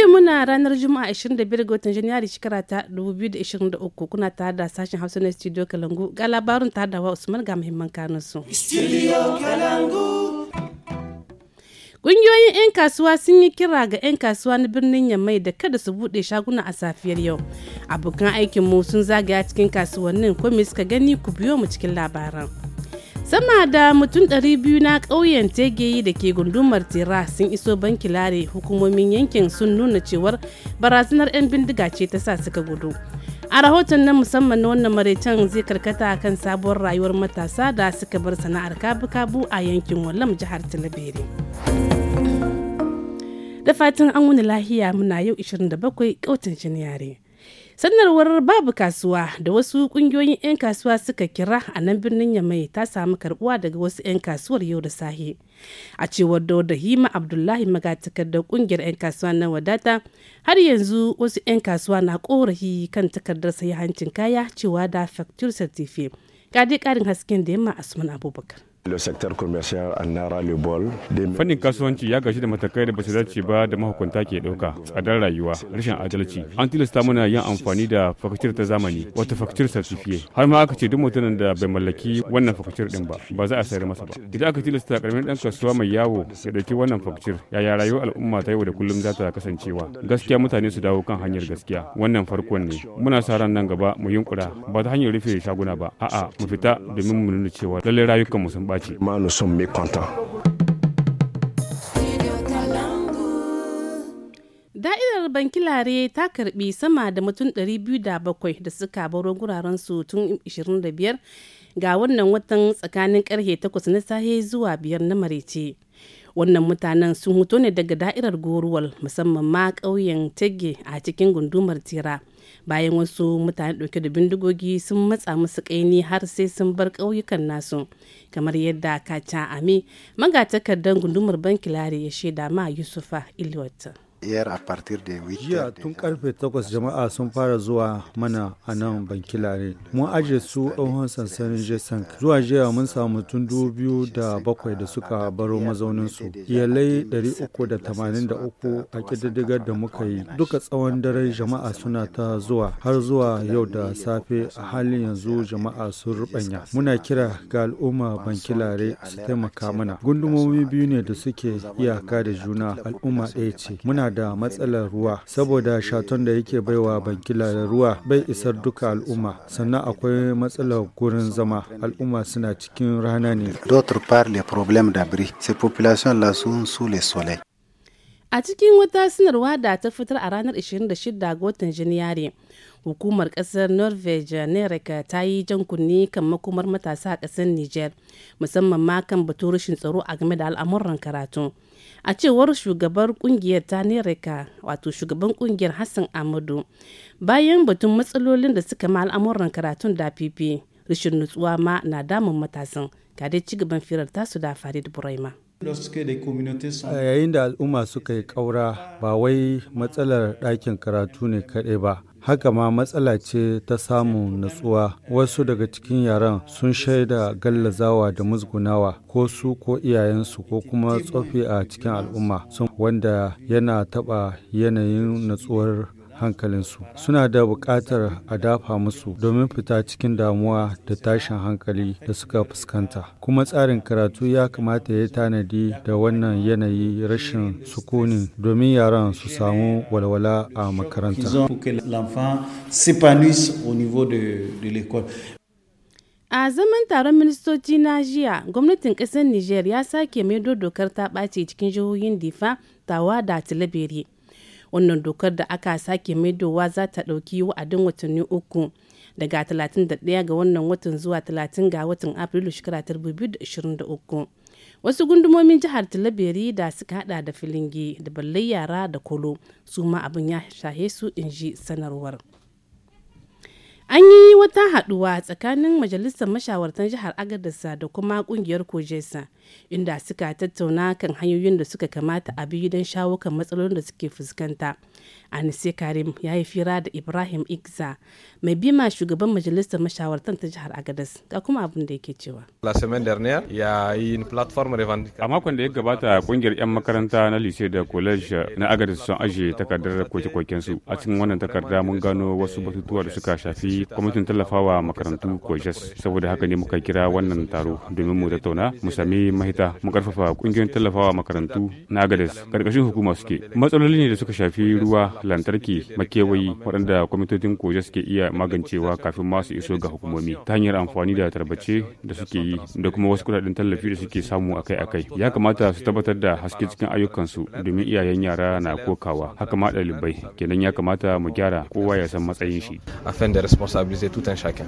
yi muna ranar Juma'a 25 ga watan Janairu shekara ta 2023 kuna tare da sashen Hausa na Studio Kalangu ga labarin tare da wa Usman ga muhimman kanun su. Ƙungiyoyin 'yan kasuwa sun yi kira ga 'yan kasuwa na birnin Yammai da kada su buɗe shaguna a safiyar yau. Abokan aikinmu sun zagaya cikin kasuwannin ko me suka gani ku biyo mu cikin labaran. sama da mutum 200 na ƙauyen tegeyi da ke gundumar tera sun iso banki lare hukumomin yankin sun nuna cewar barazanar 'yan bindiga ce ta sa suka gudu a rahoton na musamman na wannan maraicen zai karkata kan sabuwar rayuwar matasa da suka bar sana'ar kabu-kabu a yankin wallam jihar talabere da fatan an wani lahiya muna yau 27 kautin yare. sanarwar babu kasuwa da wasu kungiyoyin 'yan kasuwa suka kira a nan birnin yamai ta samu karbuwa daga wasu 'yan kasuwar yau da sahi a cewar da hima abdullahi magatakar da kungiyar 'yan kasuwa na wadata har yanzu wasu 'yan kasuwa na korafi kan takardar sayi hancin kaya cewa da facture certificate kadi karin hasken da yamma asman abubakar Fannin kasuwanci ya gashi da matakai da basu dace ba da mahukunta ke ɗauka, tsadar rayuwa, rashin adalci. An tilasta mana yin amfani da fakacir ta zamani, wata fakacir sarfifiye. Har ma aka ce duk mutumin da bai mallaki wannan fakacir ɗin ba, ba za a sayar masa ba. Idan aka tilasta karamin ɗan kasuwa mai yawo ya ɗauki wannan fakacir, yaya rayuwar al'umma ta yau da kullum za ta kasancewa. Gaskiya mutane su dawo kan hanyar gaskiya. Wannan farkon ne. Muna sa ran nan gaba mu yunkura ba ta hanyar rufe shaguna ba. A'a, mu fita domin mu nuna cewa lallai rayukanmu sun ɓaci. baki. Ma nous sommes mécontents. Da'irar Bankilare ta karbi sama da mutum 207 da suka baro guraren su tun 25 ga wannan watan tsakanin karhe 8 na sahe zuwa 5 na marece. Wannan mutanen sun hoto ne daga da'irar goruwal musamman ma ƙauyen Tege a cikin gundumar Tira. bayan wasu mutane ɗauke da bindigogi sun matsa musu kaini har sai sun bar ƙauyukan nasu kamar yadda kaca ami magatakardan gundumar bankilari ya shaida ma yusufa iliwata. Yar a partir de Jiya tun karfe takwas jama'a sun fara zuwa mana a nan bankilare. Mun ajiye su tsohon sansanin Jesan. Zuwa jiya mun samu mutum dubu biyu da bakwai da suka baro mazauninsu. Iyalai ɗari uku da tamanin da uku a ƙididdigar da muka yi. Duka tsawon dare jama'a suna ta zuwa har zuwa yau da safe a halin yanzu jama'a sun rubanya. Muna kira ga al'umma bankilare su taimaka mana. Gundumomi biyu ne da suke iyaka da juna al'umma ɗaya ce. Muna da matsalar ruwa saboda shaton da yake baiwa bankila da ruwa bai isar duka al'umma sannan akwai matsalar gurin zama al'umma suna cikin rana ne. A cikin wata sanarwa da ta fitar a ranar 26 ga watan Janairu, hukumar kasar norvege nerek ta yi jan kunne kan makomar matasa a kasar niger musamman ma kan batun rashin tsaro a game da al'amuran karatu a cewar shugabar kungiyar ta nereka wato shugaban kungiyar hassan amadu bayan batun matsalolin da suka ma al'amuran karatun da fifi rashin nutsuwa ma na damun matasan ga dai cigaban firar tasu da farid buraima yayin da al'umma suka yi kaura ba wai matsalar ɗakin karatu ne kaɗai ba haka ma matsala ce ta samun natsuwa wasu daga cikin yaran sun shaida gallazawa da musgunawa ko su ko iyayensu ko kuma tsofi a cikin al'umma wanda yana taɓa yanayin natsuwar hankalinsu suna da buƙatar a dafa musu domin fita cikin damuwa da tashin hankali da suka fuskanta kuma tsarin karatu ya kamata ya tanadi da wannan yanayi rashin sukuni domin yaran su samu walwala a makaranta A zaman taron ministoci na jiya, gwamnatin kasar niger ya sake maido dokar ta ɓace cikin jihohin Difa, Tawa da Tilabere. wannan dokar da aka sake maidowa za ta ɗauki wa'adin watanni uku daga 31 ga wannan watan zuwa 30 ga watan afrilu shekara 2023 wasu gundumomin jihar talabiri da suka hada da filingi da ballai yara da kolo su ma abin ya shahe su in ji sanarwar An yi wata haduwa tsakanin majalisar mashawartan jihar Agadarsa da kuma kungiyar Kojesa, inda suka tattauna kan hanyoyin da suka kamata a biyu don shawo kan matsalolin da suke fuskanta. Anise Karim ya yi fira da Ibrahim Igza, mai bima shugaban majalisar mashawartan ta jihar Agadas, ga kuma abin da yake cewa. La semaine dernière, ya yi platform A makon da ya gabata kungiyar 'yan makaranta na lise da college na Agadas sun ajiye takardar koke-kokensu. A cikin wannan takarda mun gano wasu batutuwa da suka shafi kwamitin tallafawa makarantu kojas saboda haka ne muka kira wannan taro domin mu tattauna mu sami mahita mu karfafa kungiyoyin tallafawa makarantu na agadas karkashin hukuma suke matsaloli ne da suka shafi ruwa lantarki makewayi waɗanda kwamitocin kojas ke iya magancewa kafin masu iso ga hukumomi ta hanyar amfani da tarbace da suke yi da kuma wasu kudaden tallafi da suke samu akai-akai ya kamata su tabbatar da haske cikin ayyukansu domin iyayen yara na kokawa haka ma ɗalibai kenan ya kamata mu gyara kowa ya san matsayin shi responsabiliser tout un chacun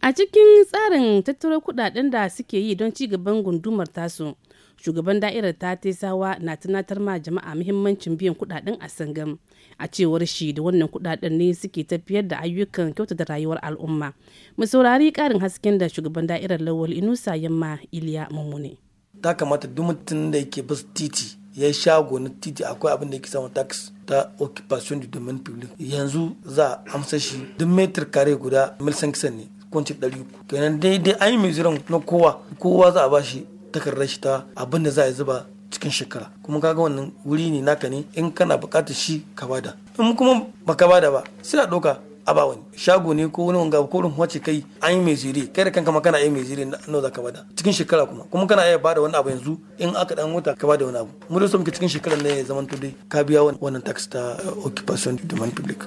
a cikin tsarin tattaro kudaden da suke yi don cigaban gundumar tasu shugaban da'irar ta tesawa na tunatar ma jama'a muhimmancin biyan kudaden a sangam a cewar shi da wannan kudaden ne suke tafiyar da ayyukan kyauta da rayuwar al'umma mu saurari karin hasken da shugaban da'irar lawal inusa yamma iliya mummune ta kamata duk mutum da yake bus titi ya shago na titi akwai abin da yake samun tax ta occupation du domaine public yanzu za a amsa shi duk metar kare guda mil ne kwanci ɗari uku kenan daidai an yi mai na kowa kowa za a ba shi takardar shi ta abin da za a zuba cikin shekara kuma kaga wannan wuri ne naka ne in kana buƙatar shi ka bada in kuma baka bada ba sai a ɗauka aba wani shago ne ko wani wanga ko rumfa ce kai an yi mai zire kai da kanka ma kana yi mai zire nawa zaka bada cikin shekara kuma kuma kana iya bada wani abu yanzu in aka dan wuta ka bada wani abu mu da so muke cikin shekarar ne ya zaman dai ka biya wannan tax ta occupation demand public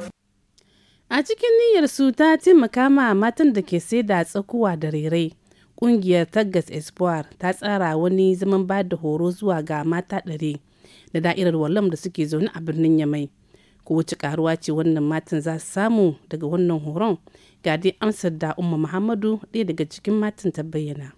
a cikin niyyar su ta taimaka ma matan da ke sai da tsakuwa da rere kungiyar tagas espoir ta tsara wani zaman bada horo zuwa ga mata ɗari da da'irar wallam da suke zaune a birnin yamai ko wace karuwa ce wannan matan za su samu daga wannan horon ga dai amsar da umma muhammadu ɗaya daga cikin matan ta bayyana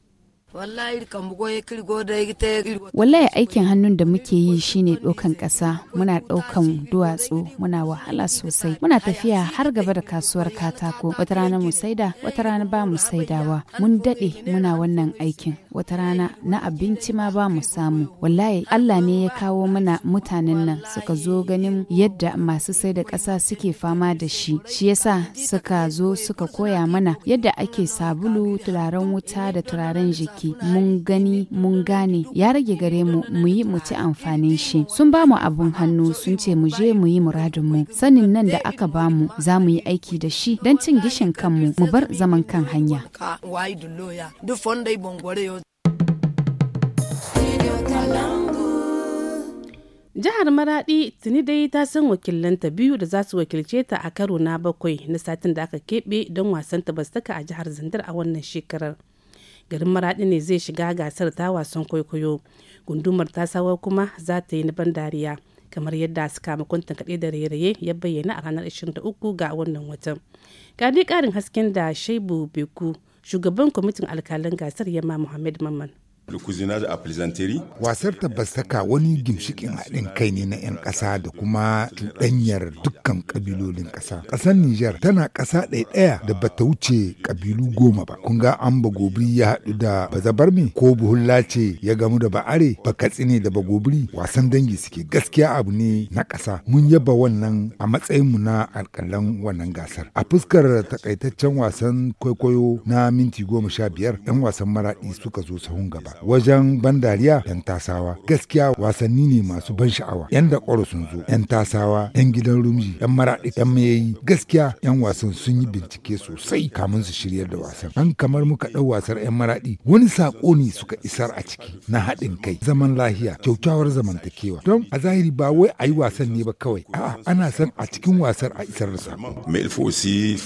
wallahi aikin hannun da muke yi shine ɗaukan ƙasa muna ɗaukan duwatsu muna wahala sosai muna tafiya har gaba da kasuwar katako wata rana mu saida wata rana ba mu saidawa mun daɗe muna wannan aikin wata rana na abinci ma ba mu samu wallahi allah ne ya kawo mana mutanen nan suka zo ganin yadda masu saida ƙasa suke fama da shi shi yasa suka zo suka koya mana yadda ake sabulu turaren wuta da turaren jiki aiki mun gani mun gane ya rage gare mu mu yi mu ci amfanin shi sun ba mu abun hannu sun ce mu je mu yi muradin mu sanin nan da aka ba mu za mu yi aiki da shi don cin gishin kanmu mu bar zaman kan hanya Jihar Maradi tuni dai ta san wakilanta biyu da za su wakilce ta a karo na bakwai na satin da aka keɓe don wasan ta a jihar Zandar a wannan shekarar. garin maraɗi ne zai shiga gasar ta wasan kwaikwayo gundumar ta sawa kuma za ta yi na ban dariya kamar yadda sakamakon kaɗe da raye-raye ya bayyana a ranar 23 ga wannan watan ga dai ƙarin hasken da shaibu beku shugaban kwamitin alkalin gasar yamma muhammad mamman Wasar ta wani ginshikin haɗin kai ne na 'yan ƙasa da kuma cuɗanyar dukkan ƙabilolin ƙasa. Ƙasar Nijar tana ƙasa ɗaya ɗaya da ba ta wuce ƙabilu goma ba. Kun ga an bagobiri ya haɗu da bazabarmi ko buhulla ce ya gamu da ba are? ba'are ne da bagobiri wasan dangi suke gaskiya abu ne na ƙasa. Mun yaba wannan a matsayin mu na alƙalan wannan gasar. A fuskar taƙaitaccen wasan kwaikwayo na minti goma sha biyar 'yan wasan maraɗi suka zo sahun gaba. wajen ban dariya 'yan tasawa gaskiya wasanni ne masu ban sha'awa 'yan da kwaro sun zo 'yan tasawa 'yan gidan rumji 'yan maraɗi 'yan mayayi gaskiya 'yan wasan sun yi bincike sosai kamun su shiryar da wasan an kamar muka ɗau wasar 'yan maraɗi wani saƙo ne suka isar a ciki na haɗin kai zaman lahiya kyautawar zamantakewa don a zahiri ba wai a yi wasan ne ba kawai a'a ana son a cikin wasar a isar da saƙo. Mais il faut aussi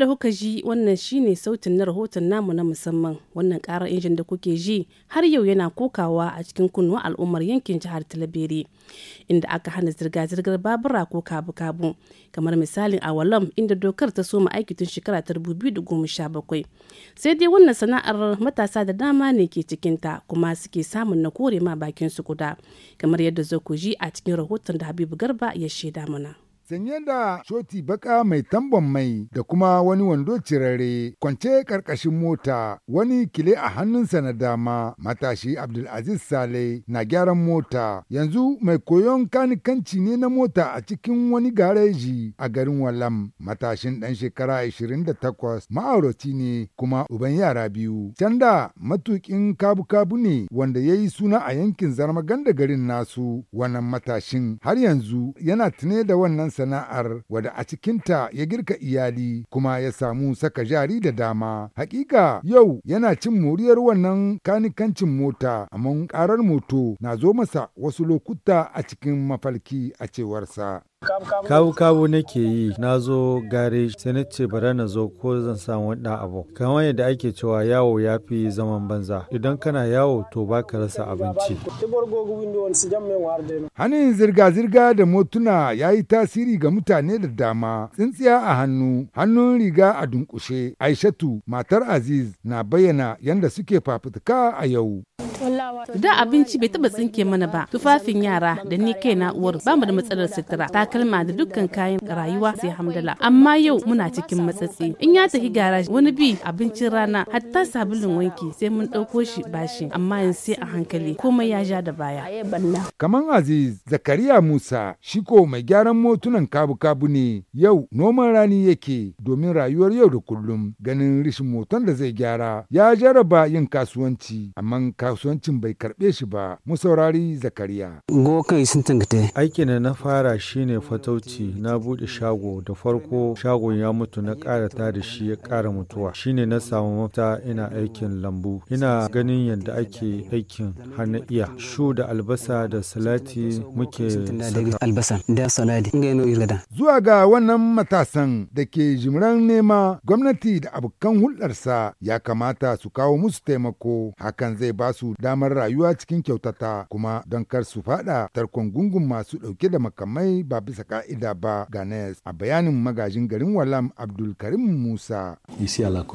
da kuka ji wannan shine sautin na rahoton namu na musamman wannan karar injin da kuke ji har yau yana kokawa a cikin kunnuwa al'ummar yankin jihar talabere inda aka hana zirga-zirgar babura ko kabu-kabu kamar misalin awalam inda dokar ta soma aiki tun shekara ta bakwai sai dai wannan sana'ar matasa da dama ne ke cikinta kuma suke samun na kore ma bakin su guda kamar yadda zo ku ji a cikin rahoton da habibu garba ya shaida mana. sanye da shoti baka mai tambon mai da kuma wani wando cirare kwance karkashin mota wani kile a hannunsa na dama matashi abdulaziz sale na gyaran mota yanzu mai koyon kanikanci ne na mota a cikin wani gareji a garin walam matashin dan shekara 28 ma'aurati ne kuma uban yara biyu can da matukin kabu-kabu ne wanda ya yi suna a yankin zarmagan da garin nasu wannan matashin har yanzu yana tune da wannan sana'ar wadda a cikinta ya girka iyali kuma ya samu saka jari da dama. Hakika yau yana cin moriyar wannan kanikancin mota amma karar moto na zo masa wasu lokuta a cikin mafalki a cewarsa. kawo kawo nake yi na zo gare sai na ce bara na zo ko zan samu wani abu kamar yadda ake cewa yawo ya fi zaman banza idan kana yawo to ba ka rasa abinci hannun zirga-zirga da motuna ya yi tasiri ga mutane da dama tsintsiya a hannu hannun riga a dunkushe aishatu matar aziz na bayyana yadda suke fafutuka a yau Da abinci bai taba tsinke mana ba, tufafin yara da ni kai na uwar ba mu da matsalar sutura, takalma da dukkan kayan rayuwa sai hamdala. Amma yau muna cikin matsatsi. In ya tafi garaji. wani bi abincin rana hatta sabulun wanki sai mun ɗauko shi bashi amma yanzu sai a hankali komai ya ja da baya. Kaman Aziz Zakariya Musa shiko mai gyaran motunan kabu-kabu ne yau noman rani yake domin rayuwar yau da kullum ganin rishin moton da zai gyara ya jaraba yin kasuwanci amma kasuwanci kasuwancin bai karɓe shi ba mu saurari zakariya. Go kai sun tangate. Aikin da na fara shine fatauci na bude shago da farko shagon ya mutu na ƙara ta da shi ya ƙara mutuwa shine na samu mafita ina aikin lambu ina ganin yadda ake aikin har na iya shu da albasa da salati muke albasa da salati zuwa ga wannan matasan da ke jimran nema gwamnati da abokan hulɗarsa ya kamata su kawo musu taimako hakan zai ba su damar rayuwa cikin kyautata kuma don kar su fada tarkon gungun masu dauke da makamai ba bisa ka'ida ba ganes a bayanin magajin garin walam abdulkarim musa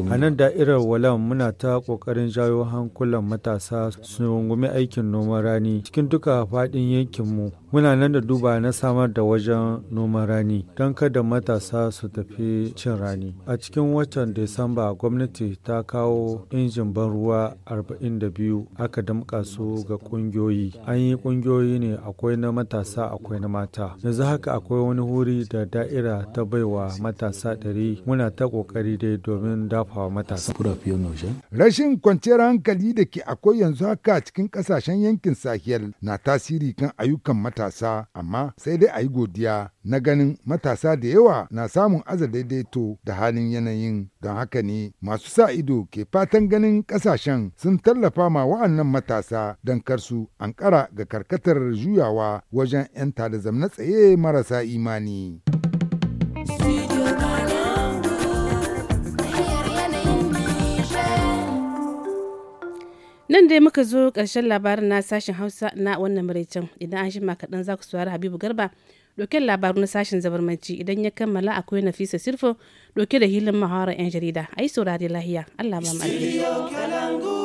a nan da'irar walam muna ta kokarin jawo hankulan matasa su rungumi aikin noman rani cikin duka faɗin mu muna nan da duba na samar da wajen noman rani don kada matasa su tafi cin rani a cikin watan disamba gwamnati ta kawo injin ban ruwa 42 a aka damƙa su ga ƙungiyoyi. An yi ƙungiyoyi ne akwai na matasa akwai na mata. Yanzu haka akwai wani wuri da da'ira ta baiwa matasa ɗari muna ta ƙoƙari dai domin dafawa matasa. Rashin kwanciyar hankali da ke akwai yanzu haka cikin ƙasashen yankin Sahel na tasiri kan ayyukan matasa amma sai dai a yi godiya na ganin matasa da yawa na samun aza daidaito da halin yanayin don haka ne masu sa ido ke fatan ganin ƙasashen sun tallafa ma wa'annan kan matasa don karsu an kara ga karkatar juyawa wajen 'yan da zamna tsaye marasa imani. nan dai muka zo ƙarshen labarin na sashen hausa na wannan maraicin idan an shima kaɗan za ku saurari habibu garba dokin labaru na sashen zabarmanci idan ya kammala akwai nafisa sirfo doke da hilin mahawara 'yan jarida a yi saurari lahiya allah ba mu